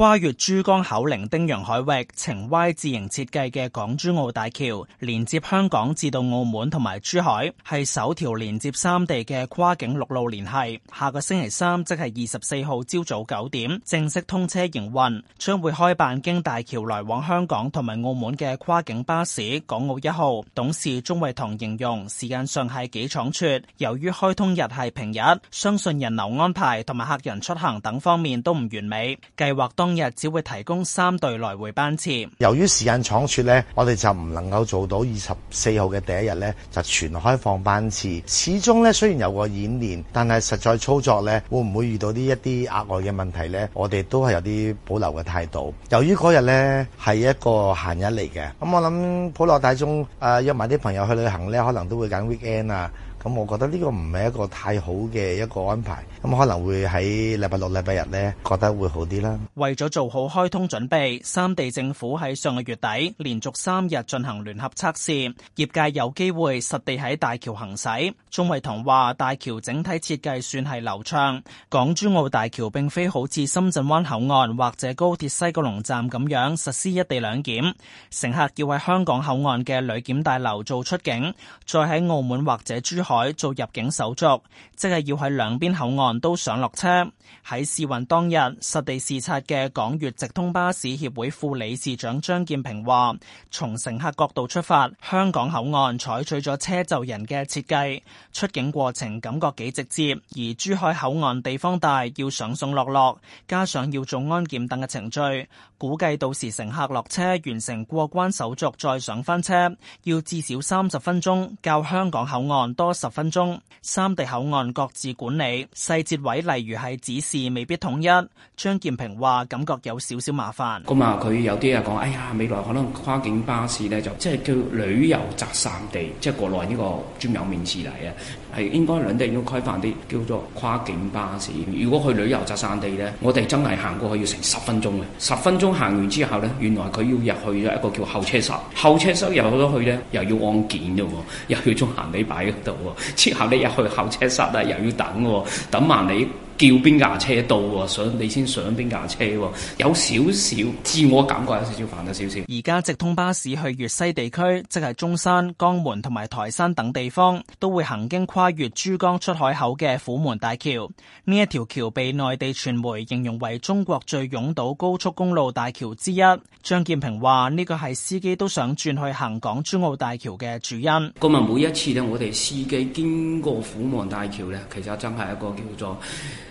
跨越珠江口伶仃洋海域、呈 Y 字形設計嘅港珠澳大橋，連接香港至到澳門同埋珠海，係首條連接三地嘅跨境陸路聯繫。下個星期三，即係二十四號朝早九點，正式通車營運，將會開辦經大橋來往香港同埋澳門嘅跨境巴士。港澳一號董事鍾慧棠形容，時間上係幾倉促，由於開通日係平日，相信人流安排同埋客人出行等方面都唔完美。計劃當。今日只會提供三對來回班次。由於時間倉促咧，我哋就唔能夠做到二十四號嘅第一日咧就全開放班次。始終咧，雖然有個演練，但係實在操作咧，會唔會遇到啲一啲額外嘅問題咧？我哋都係有啲保留嘅態度。由於嗰日咧係一個閒日嚟嘅，咁、嗯、我諗普羅大眾啊、呃、約埋啲朋友去旅行咧，可能都會揀 weekend 啊。咁我覺得呢個唔係一個太好嘅一個安排，咁可能會喺禮拜六、禮拜日呢，覺得會好啲啦。為咗做好開通準備，三地政府喺上個月底連續三日進行聯合測試，業界有機會實地喺大橋行駛。鍾慧彤話：大橋整體設計算係流暢，港珠澳大橋並非好似深圳灣口岸或者高鐵西九龍站咁樣實施一地兩檢，乘客要喺香港口岸嘅旅檢大樓做出境，再喺澳門或者珠海做入境手續，即係要喺兩邊口岸都上落車。喺試運當日實地視察嘅港粵直通巴士協會副理事長張建平話，從乘客角度出發，香港口岸採取咗車就人嘅設計，出境過程感覺幾直接。而珠海口岸地方大，要上上落落，加上要做安檢等嘅程序，估計到時乘客落車完成過關手續再上翻車，要至少三十分鐘，較香港口岸多。十分鐘，三地口岸各自管理，細節位例如係指示未必統一。張建平話：感覺有少少麻煩。咁啊，佢有啲啊講，哎呀，未來可能跨境巴士咧，就即係叫旅遊集散地，即係國內呢個專有名詞嚟啊，係應該兩地要規範啲，叫做跨境巴士。如果去旅遊集散地咧，我哋真係行過去要成十分鐘嘅，十分鐘行完之後咧，原來佢要入去咗一個叫候車室，候車室入咗去咧，又要安檢嘅，又要將行李擺喺度。之後你入去候車室啊，又要等啊，等埋你。叫邊架車到喎，你先上邊架車喎，有少少自我感覺有少少煩，有少少。而家直通巴士去粵西地區，即係中山、江門同埋台山等地方，都會行經跨越珠江出海口嘅虎門大橋。呢一條橋被內地傳媒形容為中國最擁堵高速公路大橋之一。張建平話：呢個係司機都想轉去行港珠澳大橋嘅主因。咁啊，每一次呢，我哋司機經過虎門大橋呢，其實真係一個叫做～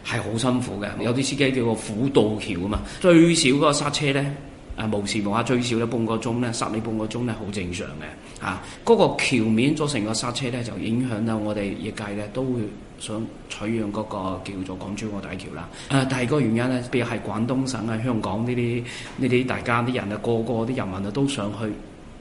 係好辛苦嘅，有啲司機叫個虎道橋啊嘛，最少嗰個塞車咧，啊無時無刻最少咧半個鐘咧塞你半個鐘咧好正常嘅，啊嗰、那個橋面造成個塞車咧就影響到我哋業界咧都會想取用嗰個叫做港珠澳大橋啦。啊，第二個原因咧，譬如係廣東省啊、香港呢啲呢啲大家啲人啊，個個啲人民啊都想去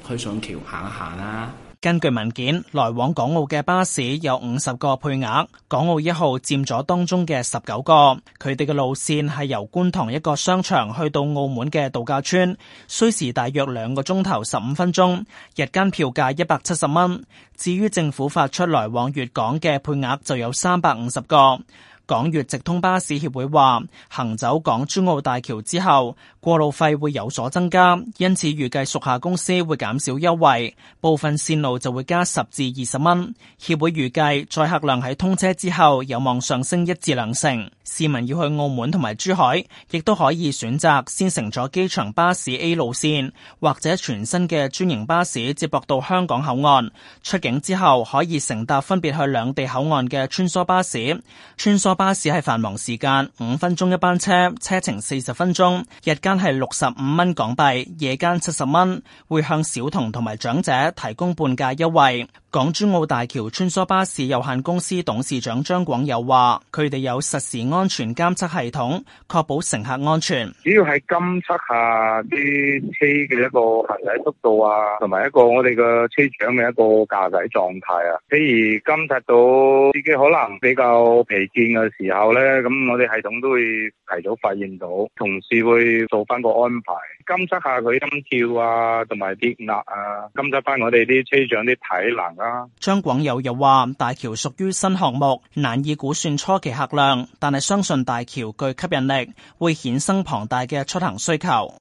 去上橋行一行啦，啊。根據文件，來往港澳嘅巴士有五十個配額，港澳一號佔咗當中嘅十九個。佢哋嘅路線係由觀塘一個商場去到澳門嘅度假村，需時大約兩個鐘頭十五分鐘，日間票價一百七十蚊。至於政府發出來往粵港嘅配額，就有三百五十個。港粵直通巴士協會話，行走港珠澳大橋之後，過路費會有所增加，因此預計屬下公司會減少優惠，部分線路就會加十至二十蚊。協會預計載客量喺通車之後有望上升一至兩成。市民要去澳門同埋珠海，亦都可以選擇先乘坐機場巴士 A 路線，或者全新嘅專營巴士接駁到香港口岸。出境之後可以乘搭分別去兩地口岸嘅穿梭巴士。穿梭巴士係繁忙時間五分鐘一班車，車程四十分鐘。日間係六十五蚊港幣，夜間七十蚊，會向小童同埋長者提供半價優惠。港珠澳大橋穿梭巴士有限公司董事長張廣友話，佢哋有實時安全監測系統，確保乘客安全。主要係監測下啲車嘅一個行駛速度啊，同埋一個我哋嘅車長嘅一個駕駛狀態啊。譬如監察到司機可能比較疲倦嘅時候咧，咁我哋系統都會提早發現到，同事會做翻個安排，監測下佢心跳啊，同埋血壓啊，監測翻我哋啲車長啲體能啊。張廣友又話，大橋屬於新項目，難以估算初期客量，但係相信大橋具吸引力，會衍生龐大嘅出行需求。